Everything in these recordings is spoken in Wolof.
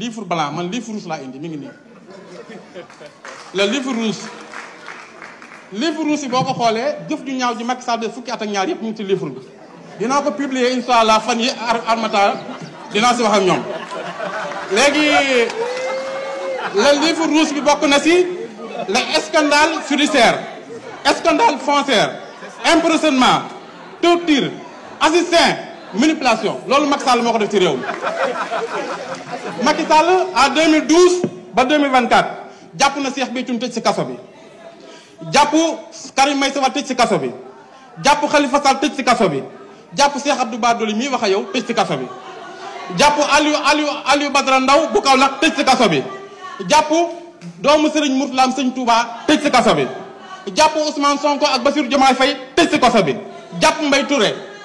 livre blanc man livre rouge là, indi mingi ni. le livre rouge livre rouge yi boo ko xoolee jëf ju ñaaw du Macky Sall de fukki at ak ñaar yëpp ñu ci livre rouge. Dina ko publier inshallah, allah fan yi armata dina si wax ak ñoom léegi le livre rouge bi bokk na si le scandale financier, scandale foncière emprisonnement torture assistant, manipulation loolu Macky Sall moo ko def ci réew mi Sall en 2012 ba 2024 jàpp na Cheikh Béthio tëj si kaso bi jàpp Karim Meïssa Wade tëj si kaso bi jàpp Khalifa Sall tëj si kaso bi jàpp Cheikh Abdou Bara Dolly mii wax yow tëj si kaso bi jàpp Aliou Aliou Aliou Badara Ndaw bu Kaolack tëj si kaso bi jàpp doomu Serigne Mourtalaam Sëñ Touba tëj si kaso bi jàpp Ousmane Sonko ak Bassirou Diomaye Faye tëj si kaso bi jàpp Mbaye Touré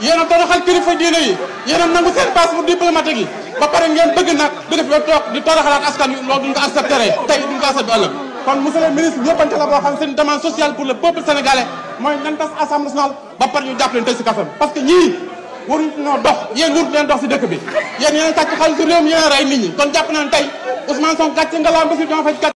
yéen a doon wax ak kilifa diine yi yéen a nangu seen passeport diplomatique yi ba pare ngeen bëgg nag di def ba toog di toroxalaat askan wi loolu duñ ko accepté tey duñ ko accepté ëllëg kon monsieur le ministre ñëppante la boo xam seen demande sociale pour le peuple sénégalais mooy nan tas assemblée nationale ba pare ñu jàpp leen tëj si kasam parce que ñii waruñ noo dox yéen warut leen dox si dëkk bi yéen yéen a sàcc xaalisu réew mi yéen nit ñi kon jàpp nañ tey Ousmane Sonko gàcce nga laam ba si doon